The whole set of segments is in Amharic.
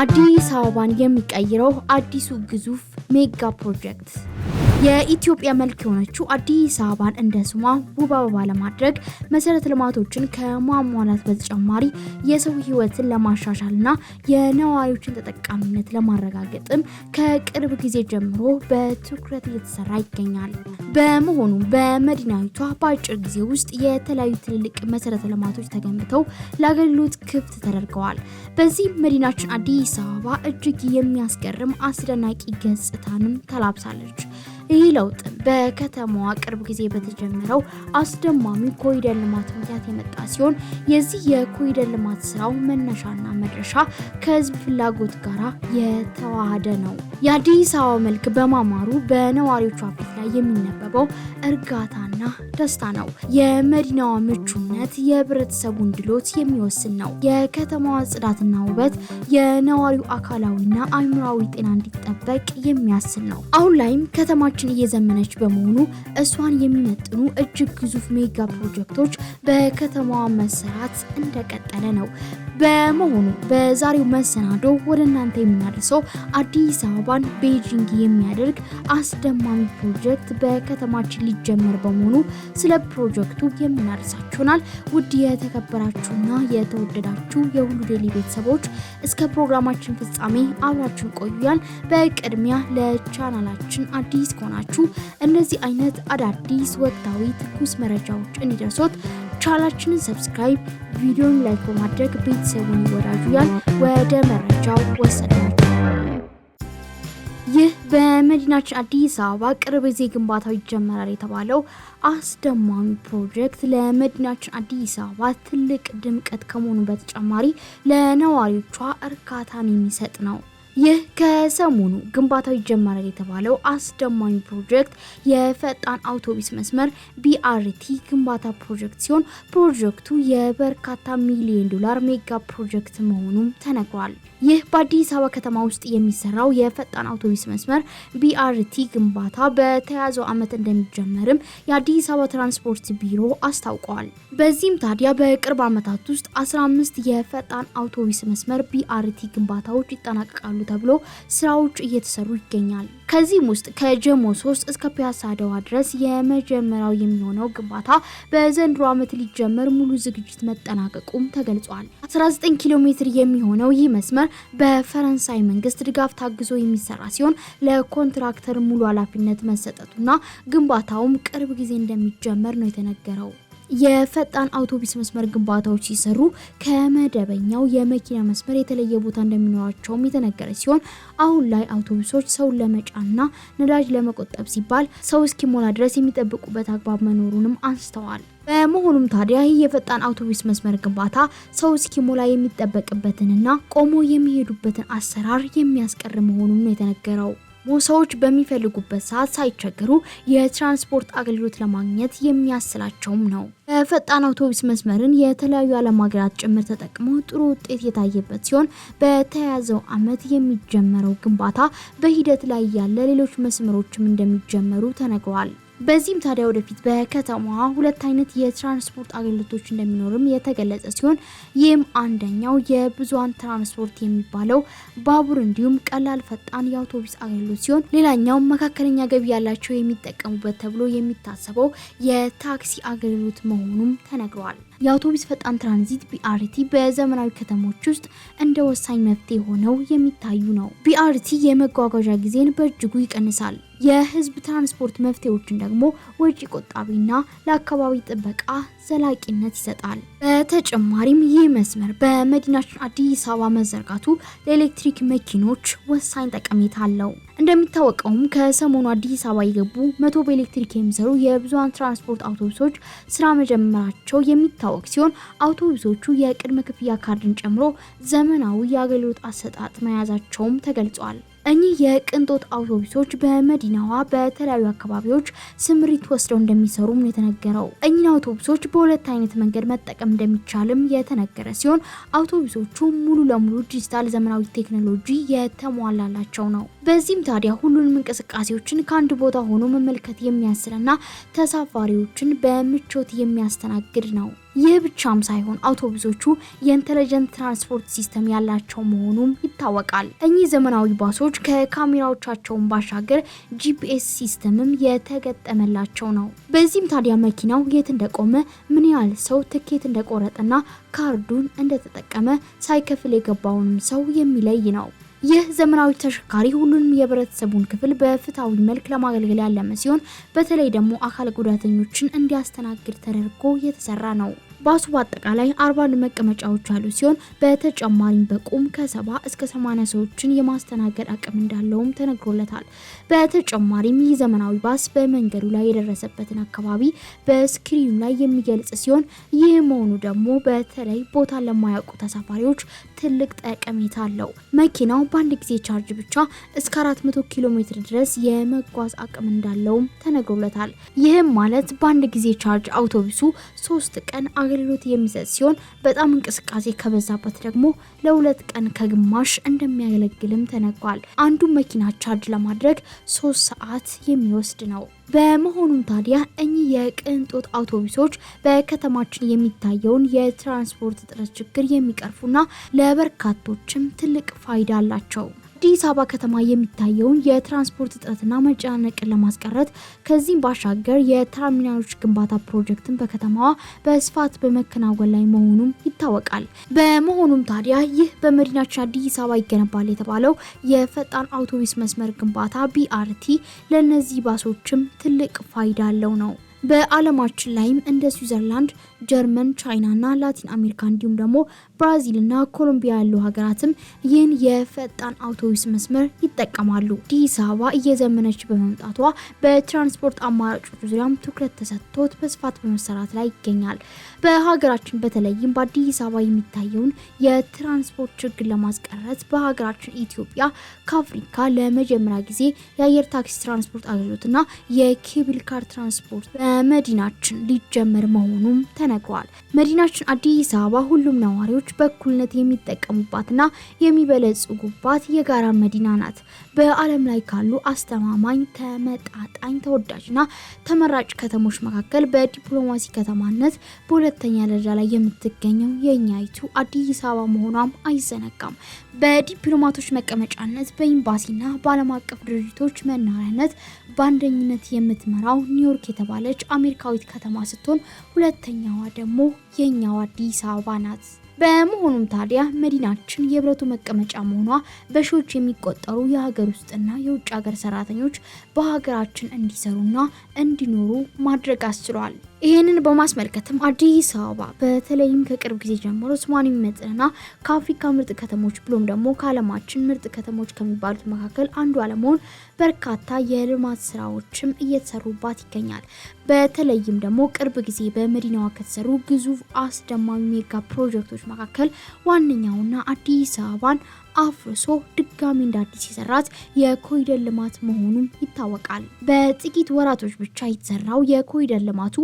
አዲስ አበባን የሚቀይረው አዲሱ ግዙፍ ሜጋ ፕሮጀክት የኢትዮጵያ መልክ የሆነችው አዲስ አበባን እንደ ስሟ ውብ አበባ ለማድረግ መሰረተ ልማቶችን ከማሟላት በተጨማሪ የሰው ለማሻሻል ለማሻሻልና የነዋሪዎችን ተጠቃሚነት ለማረጋገጥም ከቅርብ ጊዜ ጀምሮ በትኩረት እየተሰራ ይገኛል። በመሆኑም በመዲናዊቷ በአጭር ጊዜ ውስጥ የተለያዩ ትልልቅ መሰረተ ልማቶች ተገንብተው ለአገልግሎት ክፍት ተደርገዋል። በዚህ መዲናችን አዲስ አበባ እጅግ የሚያስገርም አስደናቂ ገጽታንም ተላብሳለች። ይህ ለውጥ በከተማዋ ቅርብ ጊዜ በተጀመረው አስደማሚ ኮሪደር ልማት ምክንያት የመጣ ሲሆን የዚህ የኮሪደር ልማት ስራው መነሻና መድረሻ ከህዝብ ፍላጎት ጋር የተዋሃደ ነው። የአዲስ አበባ መልክ በማማሩ በነዋሪዎቿ ፊት ላይ የሚነበበው እርጋታና ደስታ ነው። የመዲናዋ ምቹነት የህብረተሰቡን ድሎት የሚወስን ነው። የከተማዋ ጽዳትና ውበት የነዋሪው አካላዊና አይምራዊ ጤና እንዲጠበቅ የሚያስል ነው። አሁን ላይም ከተማችን ዓለማችን እየዘመነች በመሆኑ እሷን የሚመጥኑ እጅግ ግዙፍ ሜጋ ፕሮጀክቶች በከተማዋ መሰራት እንደቀጠለ ነው። በመሆኑ በዛሬው መሰናዶ ወደ እናንተ የምናደርሰው አዲስ አበባን ቤጂንግ የሚያደርግ አስደማሚ ፕሮጀክት በከተማችን ሊጀመር በመሆኑ ስለ ፕሮጀክቱ የምናደርሳችሁናል። ውድ የተከበራችሁና የተወደዳችሁ የሁሉ ዴይሊ ቤተሰቦች እስከ ፕሮግራማችን ፍጻሜ አብራችን ቆዩያል። በቅድሚያ ለቻናላችን አዲስ ከሆናችሁ እነዚህ አይነት አዳዲስ ወቅታዊ ትኩስ መረጃዎች እንዲደርሶት ቻናላችንን ሰብስክራይብ፣ ቪዲዮን ላይክ በማድረግ ቤተሰቡን ይወዳጁ። ያል ወደ መረጃው ወሰዳቸው። ይህ በመዲናችን አዲስ አበባ ቅርብ ጊዜ ግንባታው ይጀመራል የተባለው አስደማሚ ፕሮጀክት ለመዲናችን አዲስ አበባ ትልቅ ድምቀት ከመሆኑ በተጨማሪ ለነዋሪዎቿ እርካታን የሚሰጥ ነው። ይህ ከሰሞኑ ግንባታው ይጀመራል የተባለው አስደማኝ ፕሮጀክት የፈጣን አውቶቡስ መስመር ቢአርቲ ግንባታ ፕሮጀክት ሲሆን ፕሮጀክቱ የበርካታ ሚሊዮን ዶላር ሜጋ ፕሮጀክት መሆኑም ተነግሯል። ይህ በአዲስ አበባ ከተማ ውስጥ የሚሰራው የፈጣን አውቶቡስ መስመር ቢአርቲ ግንባታ በተያዘው ዓመት እንደሚጀመርም የአዲስ አበባ ትራንስፖርት ቢሮ አስታውቋል። በዚህም ታዲያ በቅርብ ዓመታት ውስጥ 15 የፈጣን አውቶቡስ መስመር ቢአርቲ ግንባታዎች ይጠናቀቃሉ ተብሎ ስራዎች እየተሰሩ ይገኛል። ከዚህም ውስጥ ከጀሞ ሶስት እስከ ፒያሳ አደዋ ድረስ የመጀመሪያው የሚሆነው ግንባታ በዘንድሮ ዓመት ሊጀመር ሙሉ ዝግጅት መጠናቀቁም ተገልጿል። 19 ኪሎ ሜትር የሚሆነው ይህ መስመር በፈረንሳይ መንግስት ድጋፍ ታግዞ የሚሰራ ሲሆን ለኮንትራክተር ሙሉ ኃላፊነት መሰጠቱና ግንባታውም ቅርብ ጊዜ እንደሚጀመር ነው የተነገረው። የፈጣን አውቶቡስ መስመር ግንባታዎች ሲሰሩ ከመደበኛው የመኪና መስመር የተለየ ቦታ እንደሚኖራቸውም የተነገረ ሲሆን አሁን ላይ አውቶቡሶች ሰውን ለመጫና ነዳጅ ለመቆጠብ ሲባል ሰው እስኪሞላ ድረስ የሚጠብቁበት አግባብ መኖሩንም አንስተዋል። በመሆኑም ታዲያ ይህ የፈጣን አውቶቡስ መስመር ግንባታ ሰው እስኪሞላ የሚጠበቅበትንና ቆሞ የሚሄዱበትን አሰራር የሚያስቀር መሆኑን ነው የተነገረው። ሰዎች በሚፈልጉበት ሰዓት ሳይቸገሩ የትራንስፖርት አገልግሎት ለማግኘት የሚያስችላቸውም ነው። በፈጣን አውቶቡስ መስመርን የተለያዩ ዓለም ሀገራት ጭምር ተጠቅመው ጥሩ ውጤት የታየበት ሲሆን በተያያዘው ዓመት የሚጀመረው ግንባታ በሂደት ላይ ያለ ሌሎች መስመሮችም እንደሚጀመሩ ተነግሯል። በዚህም ታዲያ ወደፊት በከተማዋ ሁለት አይነት የትራንስፖርት አገልግሎቶች እንደሚኖርም የተገለጸ ሲሆን ይህም አንደኛው የብዙሀን ትራንስፖርት የሚባለው ባቡር እንዲሁም ቀላል ፈጣን የአውቶቡስ አገልግሎት ሲሆን ሌላኛው መካከለኛ ገቢ ያላቸው የሚጠቀሙበት ተብሎ የሚታሰበው የታክሲ አገልግሎት መሆኑም ተነግሯል። የአውቶቡስ ፈጣን ትራንዚት ቢአርቲ በዘመናዊ ከተሞች ውስጥ እንደ ወሳኝ መፍትሄ ሆነው የሚታዩ ነው። ቢአርቲ የመጓጓዣ ጊዜን በእጅጉ ይቀንሳል። የህዝብ ትራንስፖርት መፍትሄዎችን ደግሞ ወጪ ቆጣቢና ለአካባቢ ጥበቃ ዘላቂነት ይሰጣል። በተጨማሪም ይህ መስመር በመዲናችን አዲስ አበባ መዘርጋቱ ለኤሌክትሪክ መኪኖች ወሳኝ ጠቀሜታ አለው። እንደሚታወቀውም ከሰሞኑ አዲስ አበባ የገቡ መቶ በኤሌክትሪክ የሚሰሩ የብዙሀን ትራንስፖርት አውቶቡሶች ስራ መጀመራቸው የሚታወቅ ሲሆን አውቶቡሶቹ የቅድመ ክፍያ ካርድን ጨምሮ ዘመናዊ የአገልግሎት አሰጣጥ መያዛቸውም ተገልጿል። እኚህ የቅንጦት አውቶቡሶች በመዲናዋ በተለያዩ አካባቢዎች ስምሪት ወስደው እንደሚሰሩም ነው የተነገረው። እኚህ አውቶቡሶች በሁለት አይነት መንገድ መጠቀም እንደሚቻልም የተነገረ ሲሆን አውቶቡሶቹ ሙሉ ለሙሉ ዲጂታል ዘመናዊ ቴክኖሎጂ የተሟላላቸው ነው። በዚህም ታዲያ ሁሉንም እንቅስቃሴዎችን ከአንድ ቦታ ሆኖ መመልከት የሚያስችልና ተሳፋሪዎችን በምቾት የሚያስተናግድ ነው። ይህ ብቻም ሳይሆን አውቶቡሶቹ የኢንተለጀንት ትራንስፖርት ሲስተም ያላቸው መሆኑም ይታወቃል። እኚህ ዘመናዊ ባሶች ከካሜራዎቻቸውን ባሻገር ጂፒኤስ ሲስተምም የተገጠመላቸው ነው። በዚህም ታዲያ መኪናው የት እንደቆመ፣ ምን ያህል ሰው ትኬት እንደቆረጠና ካርዱን እንደተጠቀመ ሳይከፍል የገባውንም ሰው የሚለይ ነው። ይህ ዘመናዊ ተሽከርካሪ ሁሉንም የህብረተሰቡን ክፍል በፍትሐዊ መልክ ለማገልገል ያለመ ሲሆን በተለይ ደግሞ አካል ጉዳተኞችን እንዲያስተናግድ ተደርጎ የተሰራ ነው። ባሱ በአጠቃላይ አርባ መቀመጫዎች ያሉ ሲሆን በተጨማሪም በቁም ከሰባ እስከ ሰማኒያ ሰዎችን የማስተናገድ አቅም እንዳለውም ተነግሮለታል። በተጨማሪም ይህ ዘመናዊ ባስ በመንገዱ ላይ የደረሰበትን አካባቢ በስክሪኑ ላይ የሚገልጽ ሲሆን ይህ መሆኑ ደግሞ በተለይ ቦታ ለማያውቁ ተሳፋሪዎች ትልቅ ጠቀሜታ አለው። መኪናው በአንድ ጊዜ ቻርጅ ብቻ እስከ 400 ኪሎ ሜትር ድረስ የመጓዝ አቅም እንዳለውም ተነግሮለታል። ይህም ማለት በአንድ ጊዜ ቻርጅ አውቶቡሱ ሶስት ቀን አገልግሎት የሚሰጥ ሲሆን በጣም እንቅስቃሴ ከበዛበት ደግሞ ለሁለት ቀን ከግማሽ እንደሚያገለግልም ተነግሯል። አንዱ መኪና ቻርጅ ለማድረግ ሶስት ሰዓት የሚወስድ ነው። በመሆኑም ታዲያ እኚህ የቅንጦት አውቶቡሶች በከተማችን የሚታየውን የትራንስፖርት እጥረት ችግር የሚቀርፉና ለበርካቶችም ትልቅ ፋይዳ አላቸው። አዲስ አበባ ከተማ የሚታየውን የትራንስፖርት እጥረትና መጨናነቅን ለማስቀረት ከዚህም ባሻገር የተርሚናሎች ግንባታ ፕሮጀክትን በከተማዋ በስፋት በመከናወን ላይ መሆኑም ይታወቃል። በመሆኑም ታዲያ ይህ በመዲናችን አዲስ አበባ ይገነባል የተባለው የፈጣን አውቶቡስ መስመር ግንባታ ቢአርቲ ለእነዚህ ባሶችም ትልቅ ፋይዳ አለው ነው። በዓለማችን ላይም እንደ ስዊዘርላንድ፣ ጀርመን፣ ቻይናና ላቲን አሜሪካ እንዲሁም ደግሞ ብራዚልና ኮሎምቢያ ያሉ ሀገራትም ይህን የፈጣን አውቶቡስ መስመር ይጠቀማሉ። አዲስ አበባ እየዘመነች በመምጣቷ በትራንስፖርት አማራጮች ዙሪያም ትኩረት ተሰጥቶት በስፋት በመሰራት ላይ ይገኛል። በሀገራችን በተለይም በአዲስ አበባ የሚታየውን የትራንስፖርት ችግር ለማስቀረት በሀገራችን ኢትዮጵያ ከአፍሪካ ለመጀመሪያ ጊዜ የአየር ታክሲ ትራንስፖርት አገልግሎትና የኬብል ካር ትራንስፖርት በመዲናችን ሊጀመር መሆኑም ተነግሯል። መዲናችን አዲስ አበባ ሁሉም ነዋሪዎች በእኩልነት የሚጠቀሙባትና የሚበለጽጉባት የጋራ መዲና ናት። በዓለም ላይ ካሉ አስተማማኝ፣ ተመጣጣኝ፣ ተወዳጅና ተመራጭ ከተሞች መካከል በዲፕሎማሲ ከተማነት በሁለተኛ ደረጃ ላይ የምትገኘው የእኛይቱ አዲስ አበባ መሆኗም አይዘነጋም። በዲፕሎማቶች መቀመጫነት በኤምባሲና በዓለም አቀፍ ድርጅቶች መናሪያነት በአንደኝነት የምትመራው ኒውዮርክ የተባለች የሆነች አሜሪካዊት ከተማ ስትሆን ሁለተኛዋ ደግሞ የኛው አዲስ አበባ ናት። በመሆኑም ታዲያ መዲናችን የህብረቱ መቀመጫ መሆኗ በሺዎች የሚቆጠሩ የሀገር ውስጥና የውጭ ሀገር ሰራተኞች በሀገራችን እንዲሰሩና እንዲኖሩ ማድረግ አስችሏል። ይህንን በማስመልከትም አዲስ አበባ በተለይም ከቅርብ ጊዜ ጀምሮ ስሟን የሚመጥንና ከአፍሪካ ምርጥ ከተሞች ብሎም ደግሞ ከዓለማችን ምርጥ ከተሞች ከሚባሉት መካከል አንዷ ለመሆን በርካታ የልማት ስራዎችም እየተሰሩባት ይገኛል። በተለይም ደግሞ ቅርብ ጊዜ በመዲናዋ ከተሰሩ ግዙፍ አስደማሚ ሜጋ ፕሮጀክቶች መካከል ዋነኛውና አዲስ አበባን አፍርሶ ድጋሚ እንደ አዲስ የሰራት የኮሪደር ልማት መሆኑም ይታወቃል። በጥቂት ወራቶች ብቻ የተሰራው የኮሪደር ልማቱ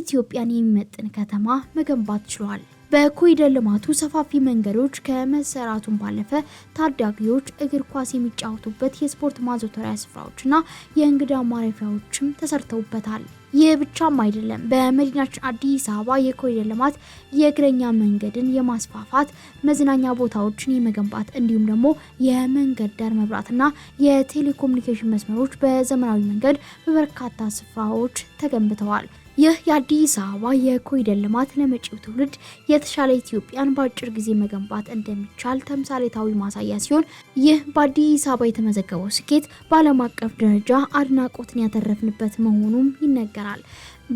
ኢትዮጵያን የሚመጥን ከተማ መገንባት ችሏል። በኮሪደር ልማቱ ሰፋፊ መንገዶች ከመሰራቱን ባለፈ ታዳጊዎች እግር ኳስ የሚጫወቱበት የስፖርት ማዘውተሪያ ስፍራዎችና የእንግዳ ማረፊያዎችም ተሰርተውበታል። ይህ ብቻም አይደለም። በመዲናችን አዲስ አበባ የኮሪደር ልማት የእግረኛ መንገድን የማስፋፋት መዝናኛ ቦታዎችን የመገንባት እንዲሁም ደግሞ የመንገድ ዳር መብራትና የቴሌኮሙኒኬሽን መስመሮች በዘመናዊ መንገድ በበርካታ ስፍራዎች ተገንብተዋል። ይህ የአዲስ አበባ የኮሪደር ልማት ለመጪው ትውልድ የተሻለ ኢትዮጵያን በአጭር ጊዜ መገንባት እንደሚቻል ተምሳሌታዊ ማሳያ ሲሆን ይህ በአዲስ አበባ የተመዘገበው ስኬት በዓለም አቀፍ ደረጃ አድናቆትን ያተረፍንበት መሆኑም ይነገራል።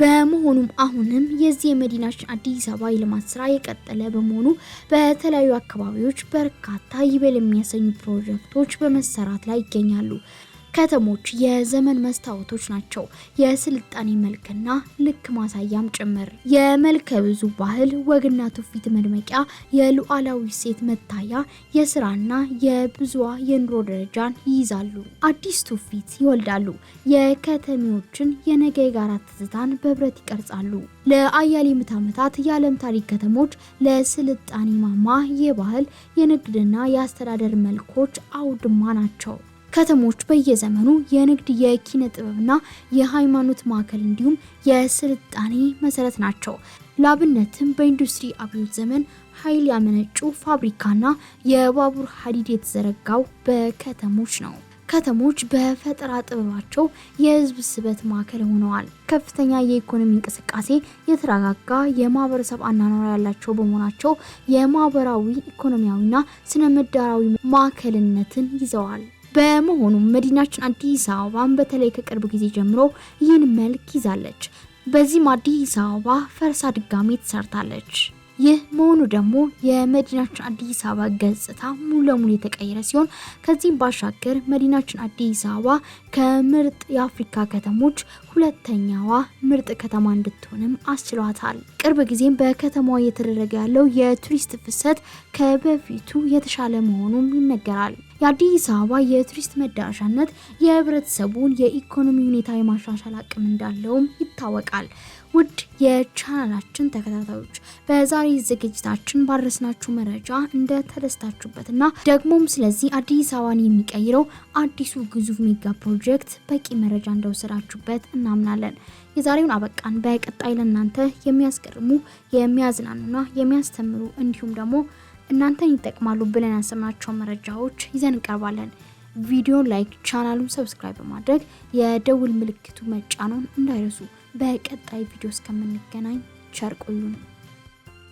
በመሆኑም አሁንም የዚህ የመዲናችን አዲስ አበባ የልማት ስራ የቀጠለ በመሆኑ በተለያዩ አካባቢዎች በርካታ ይበል የሚያሰኙ ፕሮጀክቶች በመሰራት ላይ ይገኛሉ። ከተሞች የዘመን መስታወቶች ናቸው፣ የስልጣኔ መልክና ልክ ማሳያም ጭምር። የመልከ ብዙ ባህል ወግና ትውፊት መድመቂያ፣ የሉዓላዊ ሴት መታያ፣ የስራና የብዙዋ የኑሮ ደረጃን ይይዛሉ። አዲስ ትውፊት ይወልዳሉ። የከተሜዎችን የነገ የጋራ ትዝታን በብረት ይቀርጻሉ። ለአያሌ ምዕተ ዓመታት የዓለም ታሪክ ከተሞች ለስልጣኔ ማማ የባህል የንግድና የአስተዳደር መልኮች አውድማ ናቸው። ከተሞች በየዘመኑ የንግድ የኪነ ጥበብና የሃይማኖት ማዕከል እንዲሁም የስልጣኔ መሰረት ናቸው። ለአብነትም በኢንዱስትሪ አብዮት ዘመን ኃይል ያመነጩ ፋብሪካና የባቡር ሀዲድ የተዘረጋው በከተሞች ነው። ከተሞች በፈጠራ ጥበባቸው የህዝብ ስበት ማዕከል ሆነዋል። ከፍተኛ የኢኮኖሚ እንቅስቃሴ፣ የተረጋጋ የማህበረሰብ አኗኗር ያላቸው በመሆናቸው የማህበራዊ ኢኮኖሚያዊና ስነ ምህዳራዊ ማዕከልነትን ይዘዋል። በመሆኑም መዲናችን አዲስ አበባን በተለይ ከቅርብ ጊዜ ጀምሮ ይህን መልክ ይዛለች። በዚህም አዲስ አበባ ፈርሳ ድጋሚ ትሰርታለች። ይህ መሆኑ ደግሞ የመዲናችን አዲስ አበባ ገጽታ ሙሉ ለሙሉ የተቀየረ ሲሆን ከዚህም ባሻገር መዲናችን አዲስ አበባ ከምርጥ የአፍሪካ ከተሞች ሁለተኛዋ ምርጥ ከተማ እንድትሆንም አስችሏታል። ቅርብ ጊዜም በከተማዋ እየተደረገ ያለው የቱሪስት ፍሰት ከበፊቱ የተሻለ መሆኑም ይነገራል። የአዲስ አበባ የቱሪስት መዳረሻነት የህብረተሰቡን የኢኮኖሚ ሁኔታ የማሻሻል አቅም እንዳለውም ይታወቃል። ውድ የቻናላችን ተከታታዮች በዛሬ ዝግጅታችን ባደረስናችሁ መረጃ እንደ ተደስታችሁበትና ደግሞም ስለዚህ አዲስ አበባን የሚቀይረው አዲሱ ግዙፍ ሜጋ ፕሮጀክት በቂ መረጃ እንደወሰዳችሁበት እናምናለን። የዛሬውን አበቃን። በቀጣይ ለእናንተ የሚያስገርሙ የሚያዝናኑና የሚያስተምሩ እንዲሁም ደግሞ እናንተን ይጠቅማሉ ብለን ያሰምናቸው መረጃዎች ይዘን እንቀርባለን። ቪዲዮ ላይክ፣ ቻናሉን ሰብስክራይብ በማድረግ የደውል ምልክቱ መጫኑን እንዳይረሱ። በቀጣይ ቪዲዮ እስከምንገናኝ ቸር ቆዩን።